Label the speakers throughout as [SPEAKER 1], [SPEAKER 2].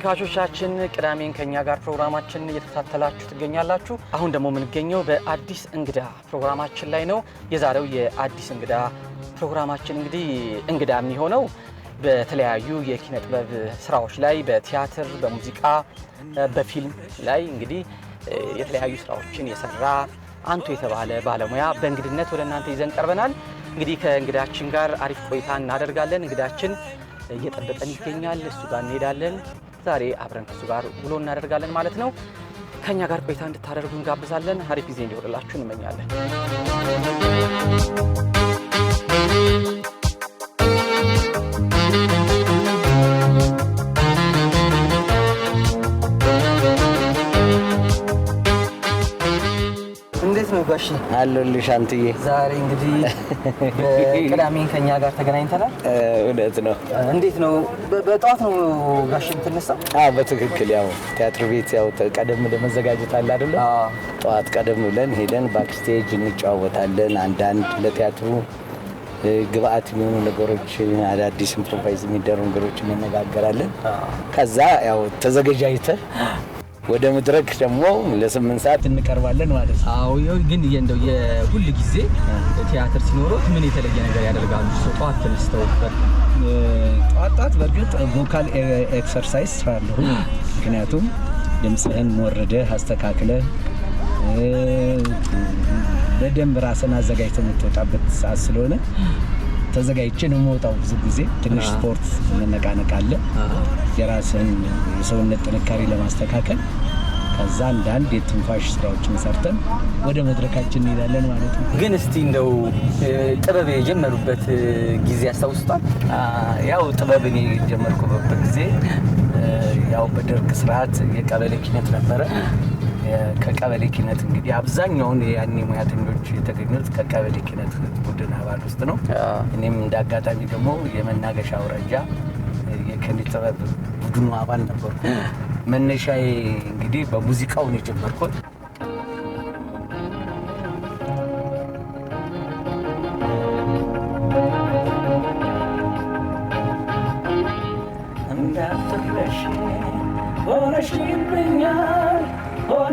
[SPEAKER 1] ተመልካቾቻችን ቅዳሜን ከኛ ጋር ፕሮግራማችን እየተከታተላችሁ ትገኛላችሁ። አሁን ደግሞ የምንገኘው በአዲስ እንግዳ ፕሮግራማችን ላይ ነው። የዛሬው የአዲስ እንግዳ ፕሮግራማችን እንግዲህ እንግዳ የሚሆነው በተለያዩ የኪነ ጥበብ ስራዎች ላይ በቲያትር፣ በሙዚቃ፣ በፊልም ላይ እንግዲህ የተለያዩ ስራዎችን የሰራ አንቱ የተባለ ባለሙያ በእንግድነት ወደ እናንተ ይዘን ቀርበናል። እንግዲህ ከእንግዳችን ጋር አሪፍ ቆይታ እናደርጋለን። እንግዳችን እየጠበቀን ይገኛል። እሱ ጋር እንሄዳለን። ዛሬ አብረን ከሱ ጋር ውሎ እናደርጋለን ማለት ነው። ከእኛ ጋር ቆይታ እንድታደርጉ እንጋብዛለን። አሪፍ ጊዜ እንዲሆንላችሁ እንመኛለን። እሺ
[SPEAKER 2] አለሁልሽ አንትዬ።
[SPEAKER 1] ዛሬ እንግዲህ ቅዳሜ ከኛ ጋር ተገናኝተናል። እውነት ነው። እንዴት ነው? በጠዋት ነው ጋሽ የምትነሳው?
[SPEAKER 2] በትክክል ያው ቲያትር ቤት ያው ቀደም ለመዘጋጀት አለ አይደለ? ጠዋት ቀደም ብለን ሄደን ባክስቴጅ እንጨዋወታለን። አንዳንድ ለቲያትሩ ግብአት የሚሆኑ ነገሮች አዳዲስ ኢምፕሮቫይዝ የሚደረጉ ነገሮች እንነጋገራለን። ከዛ ያው ተዘገጃጅተህ ወደ መድረክ ደግሞ ለስምንት ሰዓት እንቀርባለን ማለት
[SPEAKER 1] ነው። አዎ ግን እንደው የሁል ጊዜ ቲያትር ሲኖሩት ምን የተለየ ነገር ያደርጋሉ? ጠዋት ተነስተው
[SPEAKER 2] ጠዋት ጠዋት በእርግጥ ቮካል ኤክሰርሳይዝ ስራለሁ። ምክንያቱም ድምፅህን ወረደ አስተካክለ በደንብ ራስን አዘጋጅተ የምትወጣበት ሰዓት ስለሆነ ተዘጋጅቼ ነው የምወጣው። ብዙ ጊዜ ትንሽ ስፖርት መነቃነቅ አለ የራስን የሰውነት ጥንካሬ ለማስተካከል
[SPEAKER 1] ከዛ አንዳንድ የትንፋሽ ስራዎችን ሰርተን ወደ መድረካችን እንሄዳለን ማለት ነው። ግን እስቲ እንደው ጥበብ የጀመሩበት ጊዜ ያስታውስቷል?
[SPEAKER 2] ያው ጥበብን የጀመርኩበት ጊዜ ያው በደርግ ስርዓት የቀበሌ ኪነት ነበረ ከቀበሌ ኪነት እንግዲህ አብዛኛውን ያኔ ሙያተኞች የተገኙት ከቀበሌ ኪነት ቡድን አባል ውስጥ ነው። እኔም እንደ አጋጣሚ ደግሞ የመናገሻ አውራጃ የኪነ ጥበብ ቡድኑ አባል ነበርኩ። መነሻዬ እንግዲህ በሙዚቃውን የጀመርኩት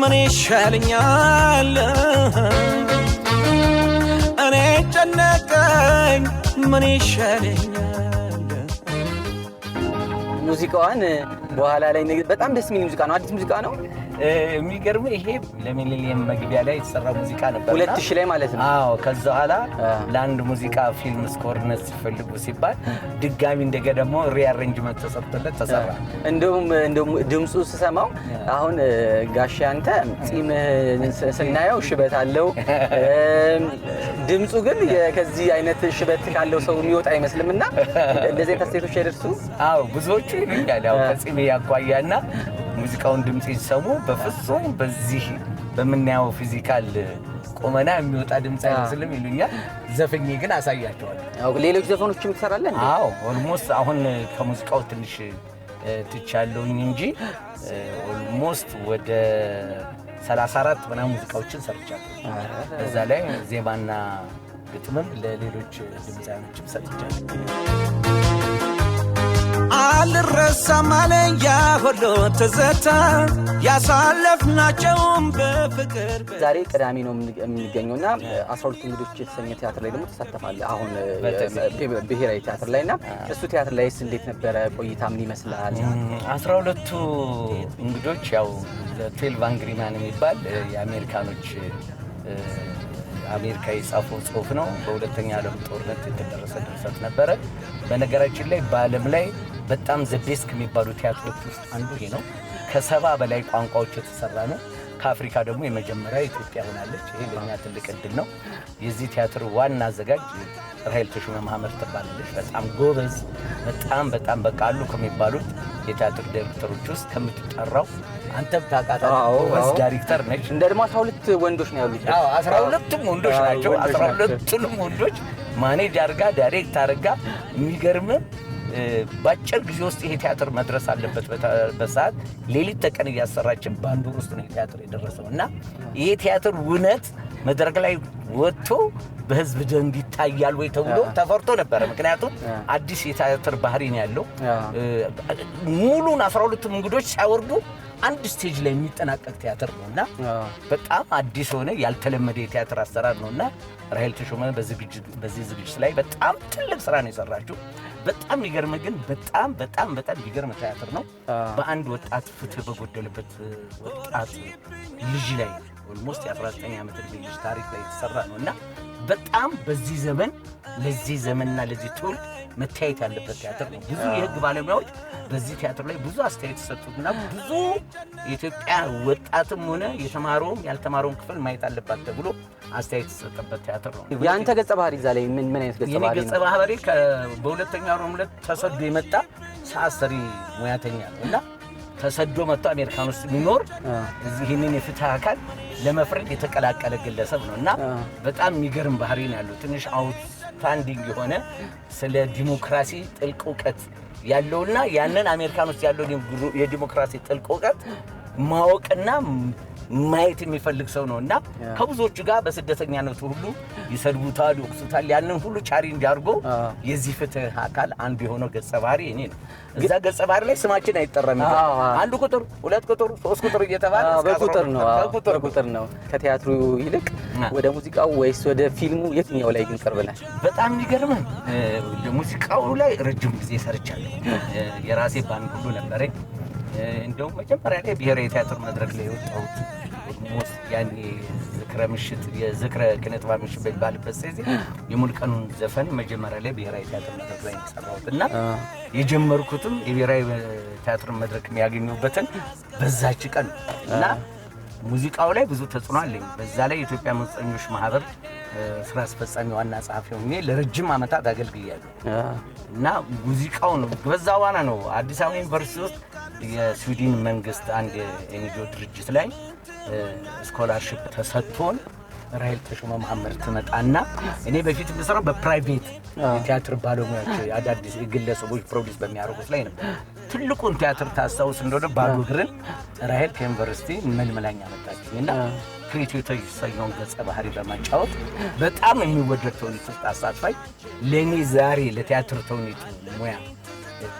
[SPEAKER 1] ምን ይሻለኛል? እኔ ጨነቀኝ፣ ምን ይሻለኛል? ሙዚቃዋን በኋላ ላይ በጣም ደስ የሚል ሙዚቃ ነው። አዲስ ሙዚቃ ነው።
[SPEAKER 2] የሚገርም ይሄ ለሚሊኒየም መግቢያ ላይ የተሰራ ሙዚቃ ነበር።
[SPEAKER 1] ሁለት ሺህ ላይ ማለት
[SPEAKER 2] ነው። አዎ። ከዛ በኋላ ለአንድ ሙዚቃ ፊልም ስኮርነት ሲፈልጉ ሲባል ድጋሚ እንደገ ደግሞ ሪአሬንጅመንት ተሰጥቶለት ተሰራ።
[SPEAKER 1] እንደውም ድምፁ ስሰማው አሁን ጋሽ አንተ ጺምህ ስናየው ሽበት አለው። ድምፁ ግን ከዚህ አይነት ሽበት ካለው ሰው የሚወጣ አይመስልም። እና እንደዚህ አይነት አይደርሱ?
[SPEAKER 2] አዎ ብዙዎቹ ይሉኛል ያው ከጺም ያኳያ ያኳያና የሙዚቃውን ድምፅ ሲሰሙ በፍጹም በዚህ በምናየው ፊዚካል ቁመና የሚወጣ ድምፅ አይመስልም ይሉኛል። ዘፍኜ ግን አሳያቸዋል።
[SPEAKER 1] ሌሎች ዘፈኖችም ትሰራለህ?
[SPEAKER 2] አዎ ኦልሞስት አሁን ከሙዚቃው ትንሽ ያለውኝ እንጂ ኦልሞስት ወደ 34 ምናምን ሙዚቃዎችን ሰርቻለሁ። በዛ ላይ ዜማና ግጥምም ለሌሎች ድምፃያኖችም ሰጥቻለሁ። አልረሳም አለኝ ያ
[SPEAKER 1] ሁሉ ትዝታ ያሳለፍናቸውም በፍቅር ዛሬ ቅዳሜ ነው የምንገኘው እና አስራ ሁለት እንግዶች የተሰኘ ቲያትር ላይ ደግሞ ተሳተፋለ አሁን ብሔራዊ ቲያትር ላይ እና እሱ ቲያትር ላይስ እንዴት ነበረ ቆይታ ምን ይመስላል
[SPEAKER 2] አስራ ሁለቱ እንግዶች ያው ትዌልቭ አንግሪ የሚባል የአሜሪካኖች አሜሪካ የጻፈው ጽሁፍ ነው በሁለተኛ ዓለም ጦርነት የተደረሰ ድርሰት ነበረ በነገራችን ላይ በአለም ላይ በጣም ዘቤስ ከሚባሉ ቲያትሮች ውስጥ አንዱ ይሄ ነው። ከሰባ በላይ ቋንቋዎች የተሰራ ነው። ከአፍሪካ ደግሞ የመጀመሪያ ኢትዮጵያ ሆናለች። ይሄ ለእኛ ትልቅ እድል ነው። የዚህ ቲያትር ዋና አዘጋጅ ራሄል ተሾመ ማህመር ትባላለች። በጣም ጎበዝ፣ በጣም በጣም በቃሉ ከሚባሉት የቲያትር ዳይሬክተሮች ውስጥ ከምትጠራው አንተ ታውቃታለህ። ጎበዝ ዳይሬክተር ነች።
[SPEAKER 1] እንደ ደግሞ አስራ ሁለት ወንዶች ነው ያሉት።
[SPEAKER 2] አስራ ሁለቱም ወንዶች ናቸው። አስራ ሁለቱንም ወንዶች ማኔጅ አድርጋ ዳይሬክት አድርጋ የሚገርምም በአጭር ጊዜ ውስጥ ይሄ ቲያትር መድረስ አለበት በሰዓት ሌሊት ተቀን እያሰራችን በአንድ ውስጥ ነው ቲያትር የደረሰው እና ይሄ ቲያትር እውነት መድረክ ላይ ወጥቶ በህዝብ ዘንድ ይታያል ወይ ተብሎ ተፈርቶ ነበረ። ምክንያቱም አዲስ የቲያትር ባህሪ ነው ያለው። ሙሉን አስራ ሁለቱም እንግዶች ሲያወርዱ አንድ ስቴጅ ላይ የሚጠናቀቅ ቲያትር ነው እና በጣም አዲስ የሆነ ያልተለመደ የቲያትር አሰራር ነው እና ራሄል ተሾመ በዚህ ዝግጅት ላይ በጣም ትልቅ ስራ ነው የሰራችው። በጣም የሚገርም ግን በጣም በጣም በጣም የሚገርም ቲያትር ነው። በአንድ ወጣት ፍትህ በጎደለበት ወጣት ልጅ ላይ ኦልሞስት የ19 ዓመት ልጅ ታሪክ ላይ የተሰራ ነው እና በጣም በዚህ ዘመን ለዚህ ዘመንና ለዚህ ትውልድ መታየት ያለበት ቲያትር ነው። ብዙ የህግ ባለሙያዎች በዚህ ቲያትር ላይ ብዙ አስተያየት ሰጡትና ብዙ የኢትዮጵያ ወጣትም ሆነ የተማረውም ያልተማረውም ክፍል ማየት አለባት ተብሎ አስተያየት የተሰጠበት ቲያትር
[SPEAKER 1] ነው። የአንተ ገጸ ባህሪ እዛ ላይ ምን አይነት
[SPEAKER 2] ገጸ ባህሪ ገጸ ባህሪ በሁለተኛው ሮም ዕለት ተሰዶ የመጣ ሰዓት ሰሪ ሙያተኛ ነው እና ተሰዶ መጥቶ አሜሪካን ውስጥ የሚኖር ይህንን የፍትህ አካል ለመፍረድ የተቀላቀለ ግለሰብ ነው እና በጣም የሚገርም ባህሪ ነው ያለው። ትንሽ አውትስታንዲንግ የሆነ ስለ ዲሞክራሲ ጥልቅ እውቀት ያለውና ያንን አሜሪካን ውስጥ ያለው የዲሞክራሲ ጥልቅ እውቀት ማወቅና ማየት የሚፈልግ ሰው ነው እና ከብዙዎቹ ጋር በስደተኛነቱ ሁሉ ይሰድቡታል፣ ይወቅሱታል። ያንን ሁሉ ቻሪ እንዲያርጎ የዚህ ፍትህ አካል አንዱ የሆነው ገጸ ባህሪ እኔ ነው። እዛ ገጸ ባህሪ ላይ ስማችን አይጠራም። አንድ ቁጥር፣ ሁለት ቁጥር፣ ሶስት ቁጥር እየተባለ
[SPEAKER 1] በቁጥር ነው በቁጥር ነው። ከቲያትሩ ይልቅ ወደ ሙዚቃው ወይስ ወደ ፊልሙ የትኛው ላይ ግን ቀርበናል?
[SPEAKER 2] በጣም የሚገርምህ ሙዚቃው ላይ ረጅም ጊዜ ሰርቻለሁ። የራሴ ባንድ ሁሉ ነበረኝ። እንደውም መጀመሪያ ላይ ብሔራዊ ቲያትር መድረክ ላይ የወጣሁት ሞት ያኔ ዝክረ ምሽት የዝክረ ክነጥባ ምሽት በሚባልበት ጊዜ የሙልቀኑን ዘፈን መጀመሪያ ላይ ብሔራዊ ቲያትር መድረክ ላይ የተሰራሁት እና የጀመርኩትም የብሔራዊ ቲያትር መድረክ የሚያገኙበትን በዛች ቀን እና ሙዚቃው ላይ ብዙ ተጽዕኖ አለኝ። በዛ ላይ የኢትዮጵያ መዝፈኞች ማህበር ስራ አስፈጻሚ ዋና ጸሐፊ ሆኜ ለረጅም ዓመታት አገልግያለሁ እና ነው በዛ ዋና ነው አዲስ አበባ ዩኒቨርሲቲ ውስጥ የስዊድን መንግስት አንድ የኤንጂኦ ድርጅት ላይ ስኮላርሽፕ ተሰጥቶን ራይል ተሾመ መሐመድ ትመጣና እኔ በፊት የምሰራው በፕራይቬት የቲያትር ባለሙያዎች አዳዲስ ግለሰቦች ፕሮዲስ በሚያደርጉት ላይ ነበር። ትልቁን ቲያትር ታስታውስ እንደሆነ ባዶ እግርን ራይል ከዩኒቨርሲቲ መልመላኝ መጣችኝ እና ክሬቲቭ የተሰኘውን ገጸ ባህሪ በማጫወት በጣም የሚወደድ ተውኔት ውስጥ አሳትፋኝ ለእኔ ዛሬ ለቲያትር ተውኔት ሙያ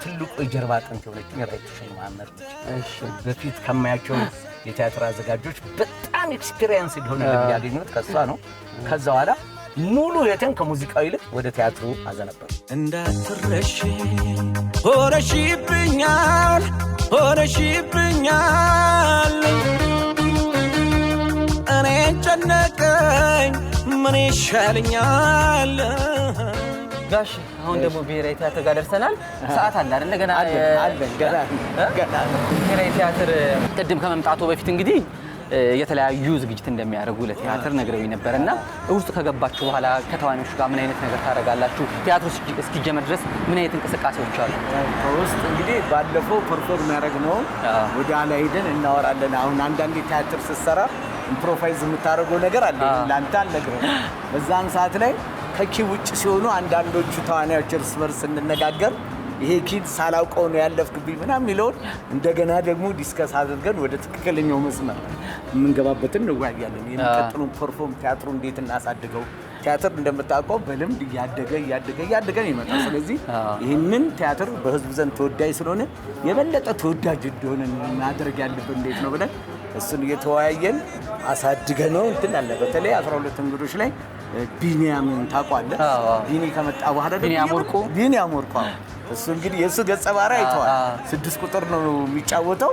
[SPEAKER 2] ትልቁ የጀርባ አጥንት የሆነች የራይት ሁሴን መሐመድ በፊት ከማያቸው የቲያትር አዘጋጆች በጣም ኤክስፒሪየንስ ሊሆነ የሚያገኙት ከሷ ነው። ከዛ በኋላ ሙሉ የትን ከሙዚቃው ይልቅ ወደ ቲያትሩ አዘነበር። እንዳትረሽ ሆነሽብኛል፣ ሆነሽብኛል
[SPEAKER 1] እኔ ጨነቀኝ ምን ይሻልኛል ጋሽ አሁን ደግሞ ብሔራዊ ቲያትር ጋር ደርሰናል። ሰዓት አለ አይደል? ገና ብሔራዊ ቲያትር ቅድም ከመምጣቱ በፊት እንግዲህ የተለያዩ ዝግጅት እንደሚያደርጉ ለቲያትር ነግረው ነበር እና ውስጥ ከገባችሁ በኋላ ከተዋናዮች ጋር ምን አይነት ነገር ታደርጋላችሁ? ቲያትሩ እስኪጀመር ድረስ ምን አይነት እንቅስቃሴዎች አሉ?
[SPEAKER 2] ከውስጥ እንግዲህ ባለፈው ፐርፎርም ነው ወደ ላይ ሄደን እናወራለን። አሁን አንዳንድ ቲያትር ስትሰራ ኢምፕሮቫይዝ የምታደርገው ነገር አለ፣ ለአንተ አልነግርህም። በዛን ሰዓት ላይ ከኪ ውጭ ሲሆኑ አንዳንዶቹ ተዋናዮች እርስ በርስ ስንነጋገር ይሄ ኪድ ሳላውቀው ነው ያለፍክብኝ ምናምን የሚለውን እንደገና ደግሞ ዲስከስ አድርገን ወደ ትክክለኛው መስመር የምንገባበትን እንወያያለን። የሚቀጥሉን ፐርፎርም ቲያትሩ እንዴት እናሳድገው። ቲያትር እንደምታውቀው በልምድ እያደገ እያደገ እያደገ ነው ይመጣል። ስለዚህ ይህንን ቲያትር በህዝብ ዘንድ ተወዳጅ ስለሆነ የበለጠ ተወዳጅ እንደሆነ ማድረግ ያለብን እንዴት ነው ብለን እሱን እየተወያየን አሳድገ ነው እንትን አለ። በተለይ አስራ ሁለት እንግዶች ላይ ቢኒያምን ታውቋለህ?
[SPEAKER 1] ቢኒ ከመጣ በኋላ ቢኒያም ወርቁ
[SPEAKER 2] ቢኒያም ወርቁ እሱ እንግዲህ የእሱ ገጸ ባህሪ አይተዋል። ስድስት ቁጥር ነው የሚጫወተው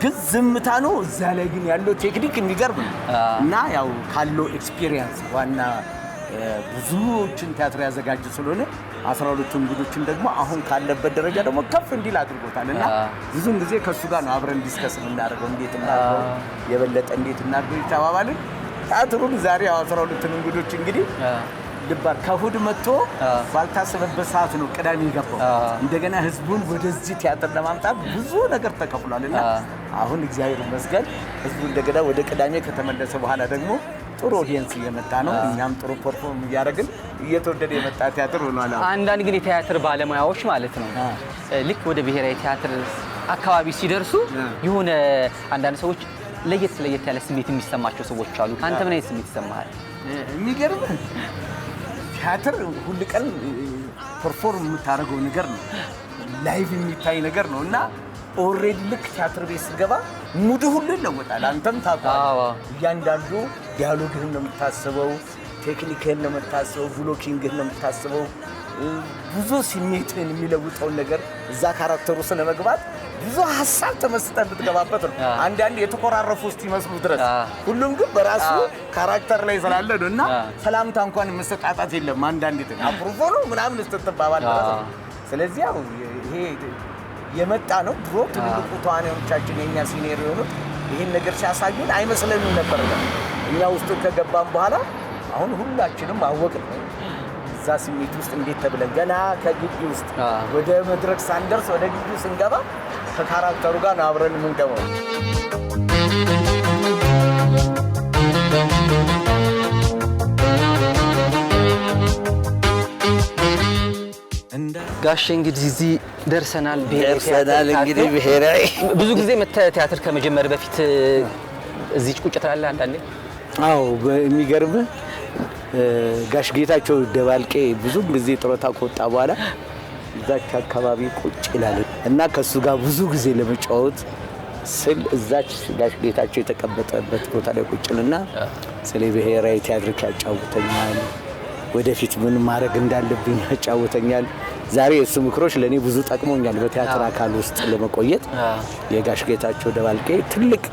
[SPEAKER 2] ግን ዝምታ ነው። እዛ ላይ ግን ያለው ቴክኒክ የሚገርም ነው እና ያው ካለው ኤክስፒሪየንስ ዋና ብዙዎችን ቲያትር ያዘጋጀ ስለሆነ አስራ ሁለቱ እንግዶችን ደግሞ አሁን ካለበት ደረጃ ደግሞ ከፍ እንዲል አድርጎታል እና ብዙን ጊዜ ከእሱ ጋር ነው አብረን ዲስከስ የምናደርገው እንዴት እናድርገው የበለጠ እንዴት እናድርገው ይተባባልን ቲያትሩን ዛሬ አስራ ሁለቱን እንግዶች እንግዲህ ልባር ከእሑድ መጥቶ ባልታሰበበት ሰዓት ነው ቅዳሜ የገባው። እንደገና ህዝቡን ወደዚህ ቲያትር ለማምጣት ብዙ ነገር ተከፍሏል እና አሁን እግዚአብሔር ይመስገን ህዝቡ እንደገና ወደ ቅዳሜ ከተመለሰ በኋላ ደግሞ ጥሩ ኦዲየንስ እየመጣ ነው። እኛም ጥሩ ፐርፎርም እያደረግን እየተወደደ የመጣ ቲያትር ሆኗል።
[SPEAKER 1] አንዳንድ ግን የቲያትር ባለሙያዎች ማለት ነው ልክ ወደ ብሔራዊ ቲያትር አካባቢ ሲደርሱ የሆነ አንዳንድ ሰዎች ለየት ለየት ያለ ስሜት የሚሰማቸው ሰዎች አሉ። አንተ ምን አይነት ስሜት ይሰማሃል?
[SPEAKER 2] የሚገርም ቲያትር ሁል ቀን ፐርፎርም የምታደርገው ነገር ነው፣ ላይቭ የሚታይ ነገር ነው እና ኦልሬዲ ልክ ቲያትር ቤት ስገባ ሙድ ሁሉ ይለወጣል። አንተም ታውቀዋለህ። እያንዳንዱ ዲያሎግህን ነው የምታስበው፣ ቴክኒክህን ነው የምታስበው፣ ብሎኪንግህን ነው የምታስበው። ብዙ ስሜትህን የሚለውጠውን ነገር እዛ ካራክተሩ ስለመግባት ብዙ ሀሳብ ተመስጠ የምትገባበት ነው። አንዳንድ የተኮራረፉ ውስጥ ይመስሉ ድረስ ሁሉም ግን በራሱ ካራክተር ላይ ስላለ ነው እና ሰላምታ እንኳን መሰጣጣት የለም። አንዳንድ ጥ አፕሩፎ ነው ምናምን ስትባባል ስለዚህ ያው ይሄ የመጣ ነው። ድሮ ትልልቁ ተዋናዮቻችን የኛ ሲኒየር የሆኑት ይህን ነገር ሲያሳዩን አይመስለንም ነበር። እኛ ውስጥ ከገባም በኋላ አሁን ሁላችንም አወቅን። እዛ ስሜት ውስጥ እንዴት ተብለን ገና ከግቢ ውስጥ ወደ መድረክ ሳንደርስ ወደ ግቢ ስንገባ ከካራክተሩ ጋር ነው አብረን የምንገባው።
[SPEAKER 1] ጋሼ እንግዲህ እዚህ ደርሰናል።
[SPEAKER 2] ደርሰናል እንግዲህ ብሔራዊ
[SPEAKER 1] ብዙ ጊዜ መተ ቲያትር ከመጀመር በፊት እዚህ ቁጭ ትላለህ አንዳንዴ?
[SPEAKER 2] አዎ የሚገርምህ ጋሽ ጌታቸው ደባልቄ ብዙ ጊዜ ጡረታ ከወጣ በኋላ እዛች አካባቢ ቁጭ ይላል እና ከእሱ ጋር ብዙ ጊዜ ለመጫወት ስል እዛች ጋሽ ጌታቸው የተቀመጠበት ቦታ ላይ ቁጭልና ስለ ብሔራዊ ቲያትር ያጫውተኛል፣ ወደፊት ምን ማድረግ እንዳለብኝ ያጫውተኛል። ዛሬ የእሱ ምክሮች ለእኔ ብዙ ጠቅሞኛል። በቲያትር አካል ውስጥ ለመቆየት የጋሽ ጌታቸው ደባልቄ ትልቅ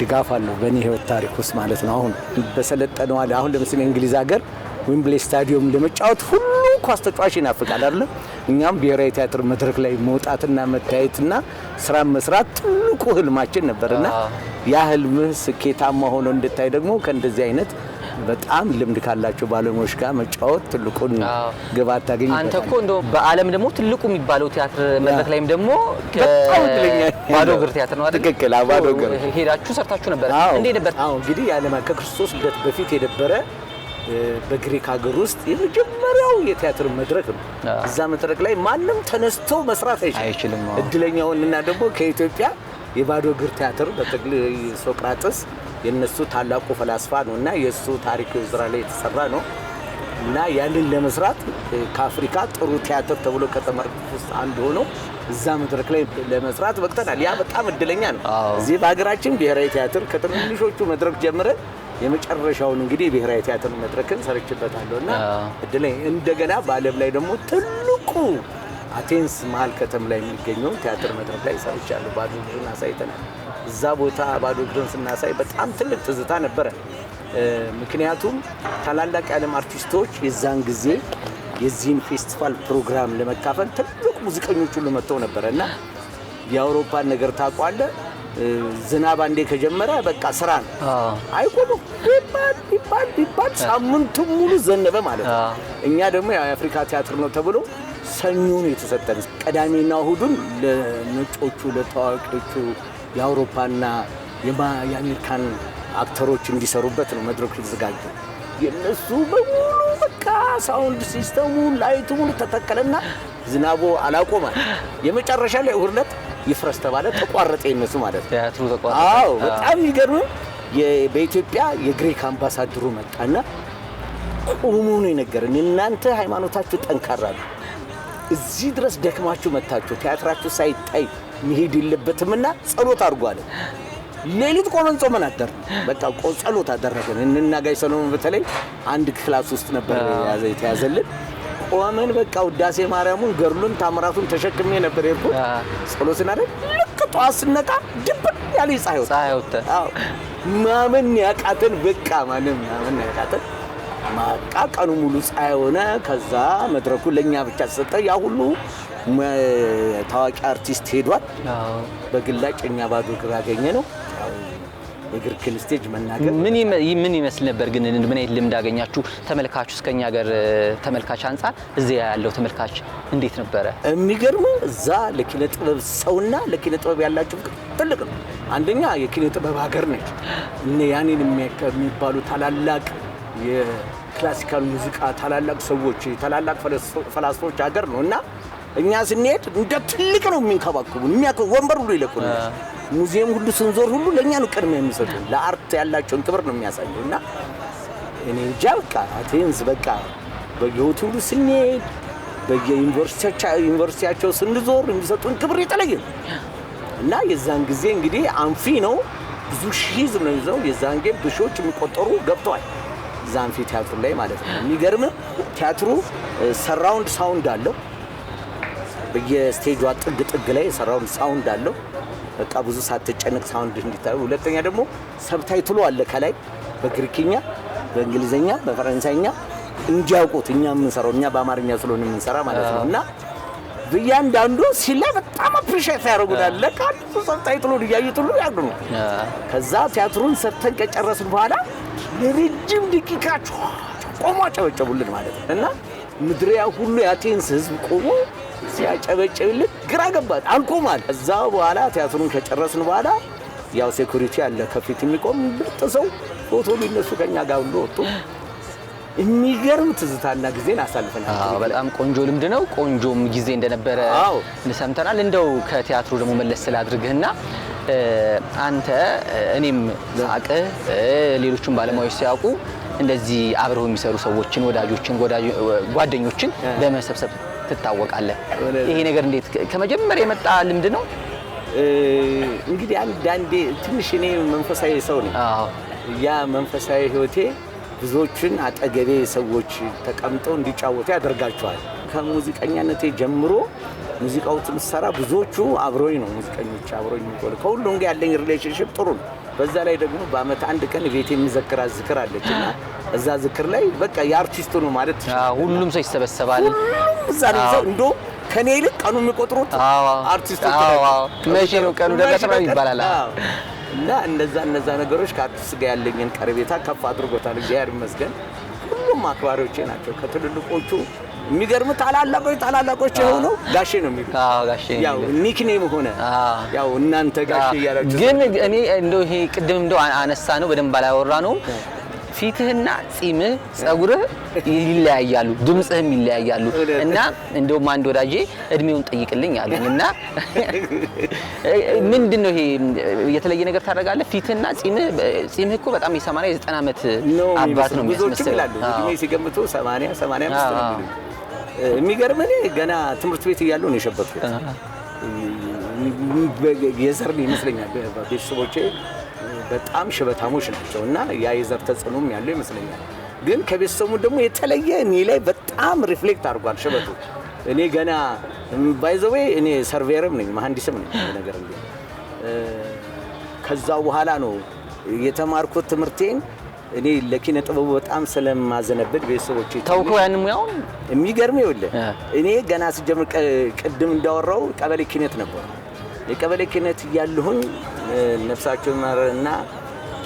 [SPEAKER 2] ድጋፍ አለው በእኔ ህይወት ታሪክ ውስጥ ማለት ነው። አሁን በሰለጠነው አሁን ለምሳሌ እንግሊዝ ሀገር ዊምብሌ ስታዲየም ለመጫወት ሁሉ ኳስ ተጫዋች ይናፍቃል አለ። እኛም ብሔራዊ ቲያትር መድረክ ላይ መውጣትና መታየትና ስራ መስራት ትልቁ ህልማችን ነበርና ያ ህልምህ ስኬታማ ሆኖ እንድታይ ደግሞ ከእንደዚህ አይነት በጣም ልምድ ካላቸው ባለሙያዎች ጋር መጫወት ትልቁን ግብአት ታገኝ።
[SPEAKER 1] አንተ እኮ እንደ በዓለም ደግሞ ትልቁ የሚባለው ቲያትር መድረክ ላይም ደግሞ
[SPEAKER 2] ባዶ እግር ቲያትር ነው
[SPEAKER 1] አይደል? ትክክል። ባዶ እግር ሄዳችሁ ሰርታችሁ ነበር እንዴ? ነበር
[SPEAKER 2] አዎ እንግዲህ የዓለም ከክርስቶስ ልደት በፊት የነበረ በግሪክ ሀገር ውስጥ የመጀመሪያው የቲያትር መድረክ ነው። እዛ መድረክ ላይ ማንም ተነስቶ መስራት አይችልም። እድለኛውን እና ደግሞ ከኢትዮጵያ የባዶ እግር ቲያትር በተግል ሶቅራጥስ የነሱ ታላቁ ፈላስፋ ነው እና የእሱ ታሪክ ስራ ላይ የተሰራ ነው እና ያንን ለመስራት ከአፍሪካ ጥሩ ቲያትር ተብሎ ከተመረጡት ውስጥ አንዱ ሆኖ እዛ መድረክ ላይ ለመስራት በቅተናል። ያ በጣም እድለኛ ነው። እዚህ በሀገራችን ብሔራዊ ቲያትር ከትንንሾቹ መድረክ ጀምረ የመጨረሻውን እንግዲህ ብሔራዊ ቲያትር መድረክን ሰርችበታለሁ እና እድለኝ እንደገና በዓለም ላይ ደግሞ ትልቁ አቴንስ መሀል ከተም ላይ የሚገኘውን ቲያትር መድረክ ላይ ሰርቻለሁ። ባዶ ብዙን አሳይተናል። እዛ ቦታ ባዶ እግርን ስናሳይ በጣም ትልቅ ትዝታ ነበረ። ምክንያቱም ታላላቅ የዓለም አርቲስቶች የዛን ጊዜ የዚህን ፌስቲቫል ፕሮግራም ለመካፈል ትልቅ ሙዚቀኞች ሁሉ መጥተው ነበረ እና የአውሮፓን ነገር ታቋለ ዝናብ አንዴ ከጀመረ በቃ ስራ ነው። አይቆሙ ቢባል ቢባል ቢባል ሙሉ ዘነበ ማለት ነው። እኛ ደግሞ የአፍሪካ ቲያትር ነው ተብሎ ሰኞ ነው የተሰጠን። ቅዳሜና እሁዱን ለነጮቹ ለታዋቂዎቹ የአውሮፓና የአሜሪካን አክተሮች እንዲሰሩበት ነው መድረክ የተዘጋጀ። የእነሱ በሙሉ በቃ ሳውንድ ሲስተሙ ላይቱ ሙሉ ተተከለና ዝናቡ አላቆማል። የመጨረሻ ላይ ውርለት ይፍረስ ተባለ፣ ተቋረጠ። የነሱ ማለት
[SPEAKER 1] ነው ተቋረጠ። አዎ በጣም ይገርም።
[SPEAKER 2] በኢትዮጵያ የግሪክ አምባሳደሩ መጣና ቆሞ ነው የነገረን፣ እናንተ ሃይማኖታችሁ ጠንካራ ነው፣ እዚህ ድረስ ደክማችሁ መታችሁ፣ ቲያትራችሁ ሳይታይ መሄድ የለበትምና ጸሎት አድርጓል። ሌሊት ቆመን ጾመን አደር በቃ ጸሎት አደረገን። እንና ጋይ ሰሎሞን በተለይ አንድ ክላስ ውስጥ ነበር የተያዘልን። ቆመን በቃ ውዳሴ ማርያሙን ገድሉን ታምራቱን ተሸክሜ ነበር የሄድኩ። ጸሎት ስናደርግ ልክ ጠዋት ስነቃ ድብን ያለ ፀሐይ ወጣ። ማመን ያቃተን በቃ ማንም ማመን ያቃተን በቃ ቀኑ ሙሉ ፀሐይ ሆነ። ከዛ መድረኩ ለእኛ ብቻ ተሰጠ። ያ ሁሉ ታዋቂ አርቲስት ሄዷል። በግላጭ እኛ ባዶ እግር ያገኘ ነው
[SPEAKER 1] የእግር ክል ስቴጅ መናገር ምን ይመስል ነበር? ግን ምን አይነት ልምድ አገኛችሁ? ተመልካቹ እስከኛ ሀገር ተመልካች አንጻር እዚያ ያለው ተመልካች እንዴት ነበረ?
[SPEAKER 2] የሚገርሙ እዛ ለኪነ ጥበብ ሰውና ለኪነ ጥበብ ያላቸው ፍቅር ትልቅ ነው። አንደኛ የኪነ ጥበብ ሀገር ነች። ያኔን የሚባሉ ታላላቅ ክላሲካል ሙዚቃ ታላላቅ ሰዎች ታላላቅ ፈላስፎች ሀገር ነው እና እኛ ስንሄድ እንደ ትልቅ ነው የሚንከባከቡ የሚንከባከቡን፣ ወንበር ሁሉ ይለቁናል። ሙዚየም ሁሉ ስንዞር ሁሉ ለእኛ ነው ቅድሚያ የሚሰጡ። ለአርት ያላቸውን ክብር ነው የሚያሳዩ እና እኔ እንጃ በቃ አቴንስ በቃ በየሆቴሉ ስንሄድ በየዩኒቨርሲቲያቸው ስንዞር የሚሰጡን ክብር የተለየ ነው እና የዛን ጊዜ እንግዲህ አንፊ ነው ብዙ ሺህ ህዝብ ነው ይዘው የዛን ጊዜ ብሾች የሚቆጠሩ ገብተዋል። ዛንፊ ቲያትሩ ላይ ማለት ነው። የሚገርም ቲያትሩ ሰራውንድ ሳውንድ አለው። በየስቴጇ ጥግ ጥግ ላይ ሰራውንድ ሳውንድ አለው። በቃ ብዙ ሳትጨነቅ ሳውንድ እንዲታዩ። ሁለተኛ ደግሞ ሰብታይትሎ አለ ከላይ በግሪክኛ፣ በእንግሊዝኛ፣ በፈረንሳይኛ እንዲያውቁት እኛ የምንሰራው እኛ በአማርኛ ስለሆነ የምንሰራ ማለት ነው እና እያንዳንዱ ሲላ በጣም አፕሪሼት ያደርጉናል። ለካ ሰብታይትሉን እያዩት ሁሉ ያሉ ነው። ከዛ ቲያትሩን ሰርተን ከጨረስን በኋላ ለረጅም ደቂቃ ቆሞ አጨበጨቡልን ማለት ነው እና ምድሪያ ሁሉ የአቴንስ ህዝብ ቆሞ ሲያጨበጭብልን ግራ ገባት። አልቆማል። እዛ በኋላ ቲያትሩን ከጨረስን በኋላ ያው ሴኩሪቲ አለ ከፊት የሚቆም ብልጥ ሰው ፎቶ ሊነሱ ከኛ ጋር ሁሉ ወጡ። የሚገርም ትዝታና ጊዜን አሳልፈናል።
[SPEAKER 1] በጣም ቆንጆ ልምድ ነው። ቆንጆም ጊዜ እንደነበረ ሰምተናል። እንደው ከቲያትሩ ደግሞ መለስ ስላድርግህና አንተ እኔም ሳቅ ሌሎቹን ባለሙያዎች ሲያውቁ እንደዚህ አብረው የሚሰሩ ሰዎችን ወዳጆችን ጓደኞችን በመሰብሰብ ትታወቃለህ። ይሄ ነገር እንዴት ከመጀመሪያ የመጣ ልምድ ነው?
[SPEAKER 2] እንግዲህ አንዳንዴ ትንሽ እኔ መንፈሳዊ ሰው ነኝ። ያ መንፈሳዊ ሕይወቴ ብዙዎችን አጠገቤ ሰዎች ተቀምጠው እንዲጫወቱ ያደርጋቸዋል። ከሙዚቀኛነቴ ጀምሮ ሙዚቃ ውስጥ ምሰራ ብዙዎቹ አብሮኝ ነው ሙዚቀኞች አብሮኝ የሚቆል ከሁሉም ጋር ያለኝ ሪሌሽንሽፕ ጥሩ ነው። በዛ ላይ ደግሞ በአመት አንድ ቀን ቤት የሚዘክራ ዝክር አለች እና እዛ ዝክር ላይ በቃ የአርቲስቱ ነው ማለት
[SPEAKER 1] ሁሉም ሰው ይሰበሰባል።
[SPEAKER 2] እዛ ነው እንዶ ከኔ ይልቅ ቀኑ የሚቆጥሩት አርቲስቱ
[SPEAKER 1] መቼ ነው ቀኑ ደረሰ ይባላል።
[SPEAKER 2] እና እነዛ እነዛ ነገሮች ከአርቲስት ጋር ያለኝን ቀረቤታ ከፍ አድርጎታል። እግዚአብሔር ይመስገን። ሁሉም አክባሪዎቼ ናቸው ከትልልቆቹ የሚገርም ታላላቆች ታላላቆች የሆኑ ጋሼ ነው የሚሉ። አዎ ጋሼ ያው ኒክኔም ሆነ። ያው እናንተ ጋሼ እያላችሁ
[SPEAKER 1] ግን እኔ እንደው ይሄ ቅድም እንደው አነሳ ነው በደንብ አላወራ ነው ፊትህና ጺምህ ጸጉርህ ይለያያሉ፣ ድምፅህም ይለያያሉ። እና እንደውም አንድ ወዳጄ እድሜውን ጠይቅልኝ አሉኝ። እና ምንድን ነው ይሄ የተለየ ነገር ታደርጋለህ? ፊትህና ጺምህ ጺምህ እኮ በጣም የሰማንያ የዘጠና ዓመት
[SPEAKER 2] አባት ነው የሚያስመስለው። ሲገምቱ ሰማንያ ሰማንያ አምስት ነው የሚገርም እኔ ገና ትምህርት ቤት እያለሁ ነው የሸበኩት። የዘር ይመስለኛል ቤተሰቦቼ በጣም ሽበታሞች ናቸው እና ያ የዘር ተጽዕኖም ያለው ይመስለኛል። ግን ከቤተሰቡ ደግሞ የተለየ እኔ ላይ በጣም ሪፍሌክት አድርጓል ሽበቱ። እኔ ገና ባይዘዌ እኔ ሰርቬርም ነኝ መሀንዲስም ነኝ ነገር ከዛ በኋላ ነው የተማርኩት ትምህርቴን እኔ ለኪነ ጥበቡ በጣም ስለማዘነብድ ቤተሰቦች ተውኩ ያን ሙያውን የሚገርም ይኸውልህ፣ እኔ ገና ስጀምር ቅድም እንዳወራው ቀበሌ ኪነት ነበር። የቀበሌ ኪነት እያለሁኝ ነፍሳቸው እና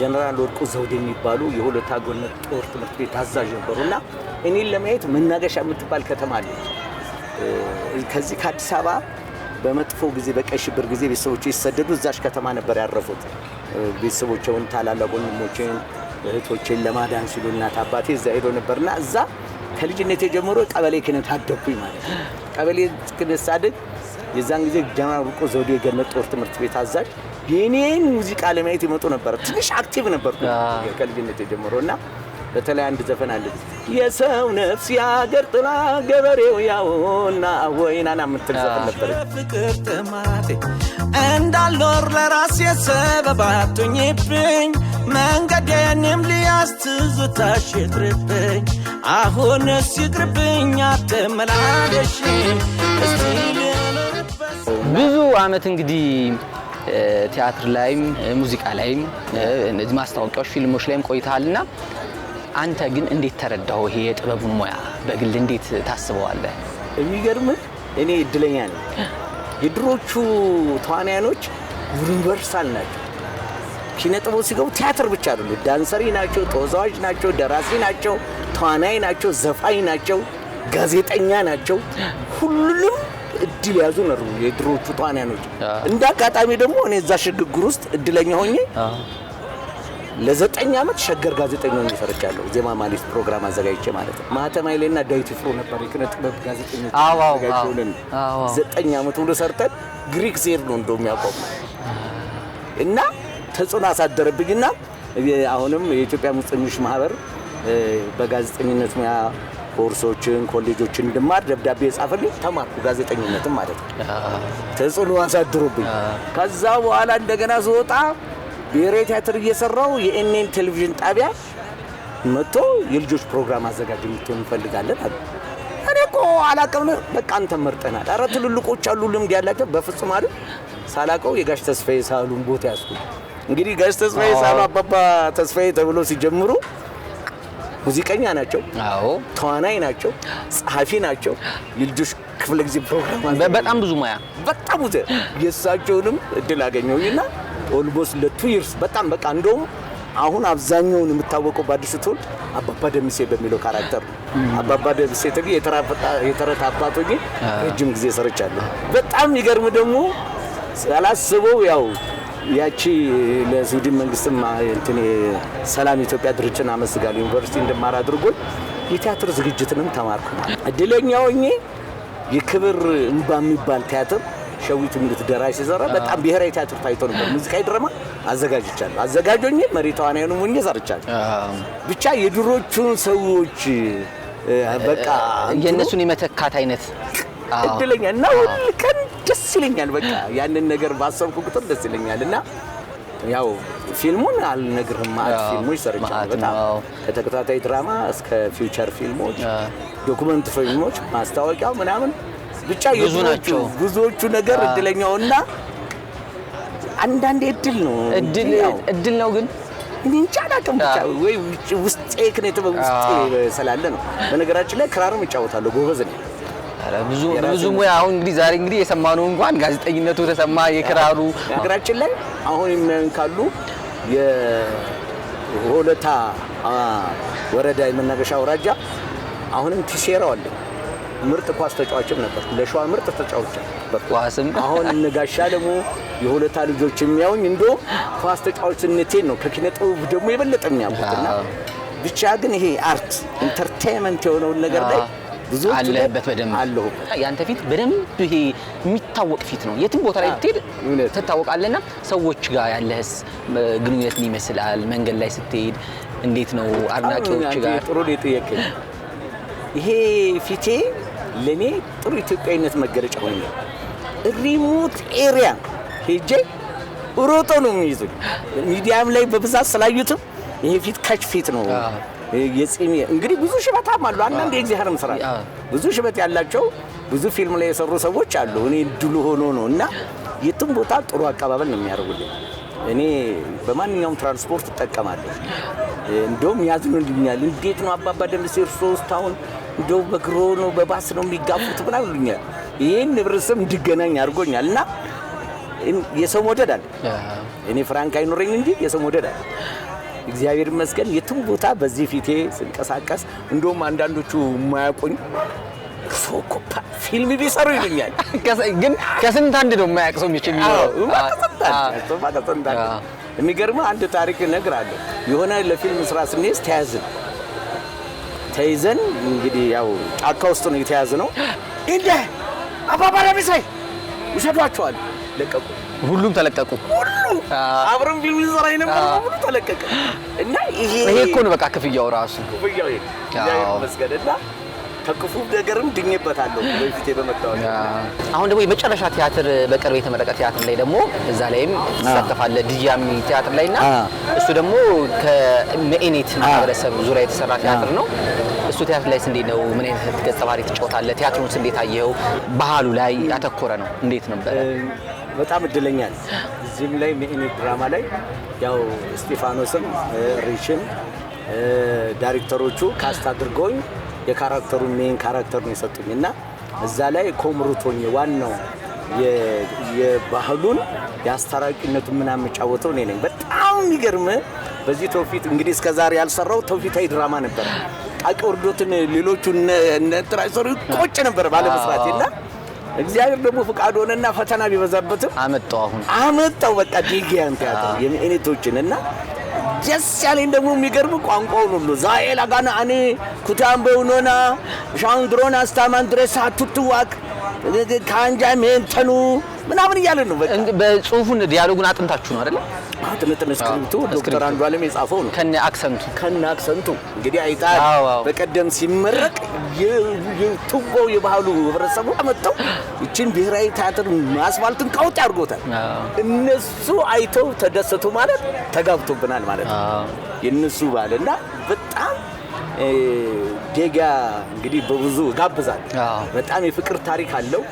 [SPEAKER 2] ጀነራል ወርቁ ዘውድ የሚባሉ የሁለታ አገርነት ጦር ትምህርት ቤት አዛዥ ነበሩ እና እኔን ለማየት መናገሻ የምትባል ከተማ አለ ከዚህ ከአዲስ አበባ በመጥፎ ጊዜ በቀይ ሽብር ጊዜ ቤተሰቦች ይሰደዱ እዛሽ ከተማ ነበር ያረፉት ቤተሰቦቸውን ታላላቅ ወንድሞቼን እህቶችን ለማዳን ሲሉ እናት አባቴ እዛ ሄዶ ነበርና እዛ ከልጅነት ጀምሮ ቀበሌ ክህነት አደኩኝ ማለት ነው። ቀበሌ ክህነት ሳድግ የዛን ጊዜ ጀማ ብርቆ ዘውዴ የገነት ጦር ትምህርት ቤት አዛዥ የኔን ሙዚቃ ለማየት ይመጡ ነበር። ትንሽ አክቲቭ ነበር ከልጅነት ጀምሮ እና በተለይ አንድ ዘፈን አለ የሰው ነፍስ የሀገር ጥላ ገበሬው ያውና ወይናና የምትል ዘፈን ነበር። ፍቅር ጥማቴ እንዳልኖር ለራስ የሰበባቱኝብኝ መንገዴንም
[SPEAKER 1] ሊያስትዙታሽ ይቅርብኝ፣ አሁንስ ይቅርብኝ፣ አትመላለሽ ብዙ አመት እንግዲህ ቲያትር ላይም ሙዚቃ ላይም እነዚህ ማስታወቂያዎች፣ ፊልሞች ላይም ቆይተሃል እና አንተ ግን እንዴት ተረዳው? ይሄ የጥበቡን ሙያ በግል እንዴት ታስበዋለህ?
[SPEAKER 2] የሚገርምህ እኔ እድለኛ ነኝ። የድሮቹ ተዋንያኖች ዩኒቨርሳል ናቸው። ኪነ ጥበብ ሲገቡ ቲያትር ብቻ አይደሉ፣ ዳንሰሪ ናቸው፣ ተወዛዋዥ ናቸው፣ ደራሲ ናቸው፣ ተዋናይ ናቸው፣ ዘፋኝ ናቸው፣ ጋዜጠኛ ናቸው። ሁሉም እድል ያዙ ነሩ የድሮቹ ተዋናዮች። እንደ አጋጣሚ ደግሞ እኔ እዛ ሽግግር ውስጥ እድለኛ ሆኜ ለዘጠኝ ዓመት ሸገር ጋዜጠኛ ሆኜ ሰርቻለሁ። ዜማ ማሊስ ፕሮግራም አዘጋጅቼ ማለት ነው። ማህተም ኃይሌና ዳዊት ፍሮ ነበር የኪነ ጥበብ ጋዜጠኞች ዘጠኝ ዓመት ሁሉ ሰርተን ግሪክ ዜር ነው እንደውም ያቆም እና ተጽዕኖ አሳደረብኝና አሁንም የኢትዮጵያ ሙስጠኞች ማህበር በጋዜጠኝነት ሙያ ኮርሶችን ኮሌጆችን እንድማር ደብዳቤ የጻፈልኝ ተማርኩ። ጋዜጠኝነትም ማለት ነው። ተጽዕኖ አሳድሮብኝ ከዛ በኋላ እንደገና ስወጣ ብሔራዊ ቲያትር እየሰራው የኤንኤን ቴሌቪዥን ጣቢያ መጥቶ የልጆች ፕሮግራም አዘጋጅ የምትሆን እንፈልጋለን አሉ። እኔ እኮ አላውቅም፣ በቃ አንተን መርጠናል። ኧረ ትልልቆች አሉ ልምድ ያላቸው በፍጹም አሉ። ሳላቀው የጋሽ ተስፋዬ ሳህሉን ቦታ ያስኩ እንግዲህ ጋሽ ተስፋዬ ሳሉ አባባ ተስፋዬ ተብሎ ሲጀምሩ ሙዚቀኛ ናቸው። አዎ ተዋናይ ናቸው። ጸሐፊ ናቸው። የልጆች ክፍለ ጊዜ ፕሮግራም በጣም ብዙ ሙያ በጣም ብዙ የእሳቸውንም እድል አገኘሁኝና ኦልሞስት ለቱ ይርስ በጣም በቃ እንደውም አሁን አብዛኛውን የምታወቀው በአዲሱ ትውልድ አባባ ደምሴ በሚለው ካራክተር አባባ ደምሴ ተብዬ የተረት አባት ሆኜ ረጅም ጊዜ ሰርቻለሁ። በጣም የሚገርም ደግሞ ያላስበው ያው ያቺ ለስዊድን መንግስትም ሰላም ኢትዮጵያ ድርጅትን አመስጋለሁ። ዩኒቨርሲቲ እንድማር አድርጎኝ የቲያትር ዝግጅትንም ተማርኩ። እድለኛው ሆኜ የክብር እንባ የሚባል ቲያትር ሸዊት የሚሉት ደራሽ ሲሰራ በጣም ብሔራዊ ቲያትር ታይቶ ነበር። ሙዚቃዊ ድራማ አዘጋጅቻለሁ። አዘጋጆኝ መሪ ተዋናይኑ ሆኜ ሰርቻለሁ። ብቻ የድሮቹን ሰዎች በቃ
[SPEAKER 1] የእነሱን የመተካት አይነት
[SPEAKER 2] እድለኛ እና ሁል ቀን ደስ ይለኛል። በቃ ያንን ነገር ባሰብኩ ቁጥር ደስ ይለኛል እና ያው ፊልሙን አልነግርህም። ማለት ፊልሞች ሰርቻለሁ በጣም ከተከታታይ ድራማ እስከ ፊውቸር ፊልሞች፣ ዶኩመንት ፊልሞች፣ ማስታወቂያው ምናምን ብቻ ብዙ ናቸው። ብዙዎቹ ነገር እድለኛውና አንዳንዴ እድል ነው እድል ነው ግን እኔ እንጃ አላውቅም። ብቻ ወይ ውስጤ ክኔት ውስጤ ስላለ ነው። በነገራችን ላይ ክራርም እጫወታለሁ፣ ጎበዝ ነው
[SPEAKER 1] ብዙ ብዙ ሙያ አሁን እንግዲህ ዛሬ እንግዲህ የሰማነው እንኳን ጋዜጠኝነቱ ተሰማ የክራሩ
[SPEAKER 2] ሀገራችን ላይ አሁን የሚያዩን ካሉ የሆለታ ወረዳ የመናገሻ አውራጃ አሁንም ቲሴራው አለ ምርጥ ኳስ ተጫዋችም ነበር። ለሸዋ ምርጥ ተጫዋች ኳስም አሁን እነጋሻ ደግሞ የሁለታ ልጆች የሚያውኝ እንደውም ኳስ ተጫዋችነቴን ነው ከኪነ ጥበቡ ደግሞ የበለጠ የሚያውቁትና ብቻ ግን ይሄ አርት ኢንተርቴንመንት የሆነውን ነገር ላይ
[SPEAKER 1] ብዙ አለህበት በደንብ አለሁበት። ያንተ ፊት በደንብ ይሄ የሚታወቅ ፊት ነው። የትም ቦታ ላይ ብትሄድ ትታወቃለና፣ ሰዎች ጋር ያለህስ ግንኙነት ምን ይመስላል? መንገድ ላይ ስትሄድ እንዴት ነው አድናቂዎች ጋር? ጥሩ ነው የጠየቀኝ።
[SPEAKER 2] ይሄ ፊቴ ለእኔ ጥሩ ኢትዮጵያዊነት መገለጫ ሆነ። ሪሞት ኤሪያ ሄጄ ሮጦ ነው የሚይዙኝ። ሚዲያም ላይ በብዛት ስላዩትም ይሄ ፊት ካች ፊት ነው የፂሜ እንግዲህ ብዙ ሽበታም አሉ። አንዳንድ የእግዚአብሔርም ስራ ብዙ ሽበት ያላቸው ብዙ ፊልም ላይ የሰሩ ሰዎች አሉ። እኔ ድሉ ሆኖ ነው እና የትም ቦታ ጥሩ አቀባበል ነው የሚያደርጉልኝ። እኔ በማንኛውም ትራንስፖርት እጠቀማለሁ። እንደውም ያዝኑልኛል። እንዴት ነው አባባ ደምሴ እርሶ ውስጥ አሁን እንደው በግሮ ነው በባስ ነው የሚጋፉት ብላ ብሉኛል። ይህን ህብረተሰብ እንድገናኝ አድርጎኛል እና የሰው መውደድ አለ። እኔ ፍራንክ አይኖረኝ እንጂ የሰው መውደድ አለ። እግዚአብሔር ይመስገን የትም ቦታ በዚህ ፊቴ ስንቀሳቀስ፣ እንደውም አንዳንዶቹ የማያውቁኝ ፊልም ቢሰሩ ይሉኛል።
[SPEAKER 1] ግን ከስንት አንድ ነው የማያውቅ ሰው የሚችል
[SPEAKER 2] የሚገርመ አንድ ታሪክ እነግርሃለሁ። የሆነ ለፊልም ስራ ስንሄድ ተያዝን። ተይዘን እንግዲህ ያው ጫካ ውስጥ ነው ነው። እንደ አባባላ ሚስራይ ይሸዷቸዋል። ለቀቁ
[SPEAKER 1] ሁሉም ተለቀቁ።
[SPEAKER 2] ሁሉም አብረን ፊልም ይሰራ የነበረ ሁሉ ተለቀቀ
[SPEAKER 1] እና ይሄ ይሄ እኮ ነው በቃ ክፍያው ራሱ
[SPEAKER 2] ክፍያው ይሄ መስገድና ከክፉ ነገርም ድኜበታለሁ በፊቴ በመታወቅ።
[SPEAKER 1] አሁን ደግሞ የመጨረሻ ቲያትር በቅርብ የተመረቀ ቲያትር ላይ ደግሞ እዛ ላይም ትሳተፋለህ ድያ ቲያትር ላይ እና እሱ ደግሞ ከመኤኔት ማህበረሰብ ዙሪያ የተሰራ ቲያትር ነው። እሱ ቲያትር ላይስ እንዴት ነው? ምን አይነት ገጸ ባህሪ ትጫወታለህ? ቲያትሩንስ እንዴት አየኸው? ባህሉ ላይ ያተኮረ ነው እንዴት ነበረ?
[SPEAKER 2] በጣም እድለኛ ነኝ። እዚህም ላይ ሚኒ ድራማ ላይ ያው እስጢፋኖስም ሪችም ዳይሬክተሮቹ ካስት አድርገውኝ የካራክተሩን ሜን ካራክተር ነው የሰጡኝ እና እዛ ላይ ኮምሩቶኝ ዋናው የባህሉን የአስታራቂነቱ ምናምን የምጫወተው እኔ ነኝ። በጣም የሚገርም በዚህ ተውፊት እንግዲህ እስከዛሬ ያልሰራው ተውፊታዊ ድራማ ነበር። ቃቂ ወርዶትን ሌሎቹ ነጥራ ቆጭ ነበር ባለመስራቴ እና እግዚአብሔር ደግሞ ፍቃድ ሆነና ፈተና ቢበዛበትም አመጣው። አሁን አመጣው በቃ ዴጊያን ቲያትር የምእኔቶችን እና ደስ ያለኝ ደግሞ የሚገርም ቋንቋውን ሁሉ ዛኤል አጋና አኔ ኩታም በውኖና ሻንድሮና ስታማን ድረሳ ቱትዋክ ከአንጃ ሜንተኑ ምናምን እያለን ነው።
[SPEAKER 1] በጽሁፉን ዲያሎጉን አጥንታችሁ ነው አይደለም?
[SPEAKER 2] ጥንጥን እስክሪብቶ ዶክተር አንዱ አለም የጻፈው ነው
[SPEAKER 1] ከነ አክሰንቱ
[SPEAKER 2] ከነ አክሰንቱ እንግዲህ አይጣል በቀደም ሲመረቅ ቱቦው የባህሉ ህብረተሰቡ አመጣው ይችን ብሔራዊ ቲያትር አስፋልትን ቀውጥ ያድርጎታል። እነሱ አይተው ተደሰቱ ማለት ተጋብቶብናል ማለት ነው። የእነሱ ባልና በጣም ዴጋ እንግዲህ በብዙ ጋብዛል። በጣም የፍቅር ታሪክ አለው፣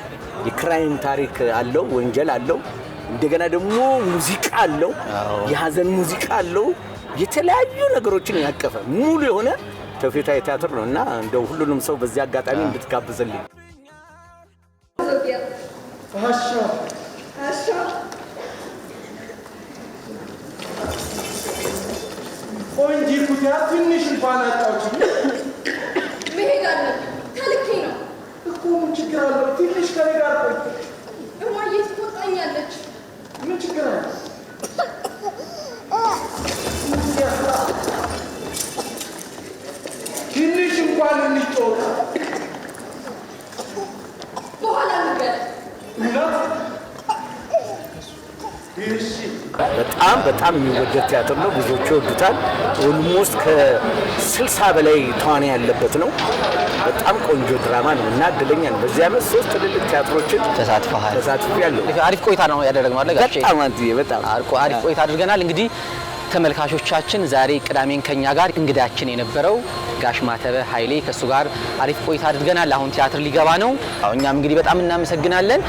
[SPEAKER 2] የክራይም ታሪክ አለው፣ ወንጀል አለው። እንደገና ደግሞ ሙዚቃ አለው፣ የሀዘን ሙዚቃ አለው። የተለያዩ ነገሮችን ያቀፈ ሙሉ የሆነ ተፌታ ቲያትር ነው እና እንደ ሁሉንም ሰው በዚህ አጋጣሚ እንድትጋብዝልኝ ቆንጂ ኩቲያ ትንሽ እንኳን አጫውችኝ በጣም የሚወደድ ቲያትር ነው። ብዙዎቹ ይወዱታል። ኦልሞስት ከስልሳ በላይ ተዋናይ ያለበት ነው። በጣም ቆንጆ ድራማ ነው እና እድለኛ ነው። በዚህ ዓመት ሶስት ትልልቅ ቲያትሮችን ተሳትፈሃል። ተሳትፍ ያለው አሪፍ ቆይታ ነው ያደረግነው። በጣም አሪፍ ቆይታ አድርገናል እንግዲህ ተመልካቾቻችን ዛሬ ቅዳሜን ከኛ ጋር እንግዳችን የነበረው ጋሽ ማተበ ኃይሌ ከእሱ ጋር አሪፍ ቆይታ አድርገናል። አሁን ቲያትር ሊገባ ነው። እኛም እንግዲህ በጣም እናመሰግናለን።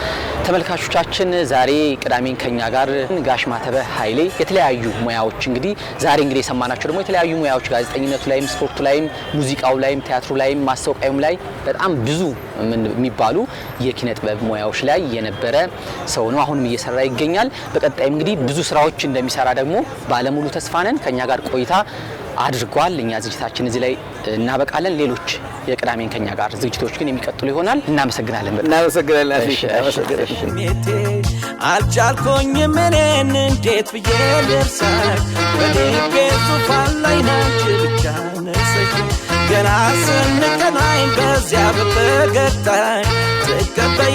[SPEAKER 2] ተመልካቾቻችን ዛሬ ቅዳሜን ከኛ ጋር ጋሽ ማተበ ኃይሌ የተለያዩ ሙያዎች እንግዲህ ዛሬ እንግዲህ የሰማናቸው ደግሞ የተለያዩ ሙያዎች ጋዜጠኝነቱ ላይም፣ ስፖርቱ ላይም፣ ሙዚቃው ላይም፣ ቲያትሩ ላይም፣ ማስታወቂያም ላይ በጣም ብዙ የሚባሉ የኪነ ጥበብ ሙያዎች ላይ የነበረ ሰው ነው። አሁንም እየሰራ ይገኛል። በቀጣይም እንግዲህ ብዙ ስራዎች እንደሚሰራ ደግሞ ባለሙሉ ተስፋ ነን። ከኛ ጋር ቆይታ አድርጓል። እኛ ዝግጅታችን እዚህ ላይ እናበቃለን። ሌሎች የቅዳሜን ከኛ ጋር ዝግጅቶች ግን የሚቀጥሉ ይሆናል። እናመሰግናለን። እናመሰግናለን። አልቻልኩኝም እኔን እንዴት ብዬ ላይ ናች ብቻ ገና በዚያ Se escapa